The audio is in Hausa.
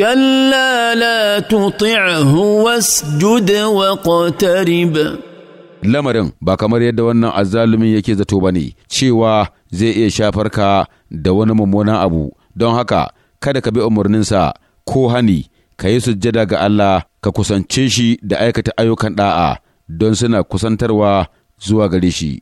كلا لا تطعه واسجد واقترب lamarin ba kamar yadda wannan azzalumin yake zato ba ne cewa zai iya shafar ka da wani mummunan abu don haka kada ka bi umarninsa ko hani ka yi sujjada ga Allah ka kusance shi da aikata ayyukan da'a don suna kusantarwa zuwa gare shi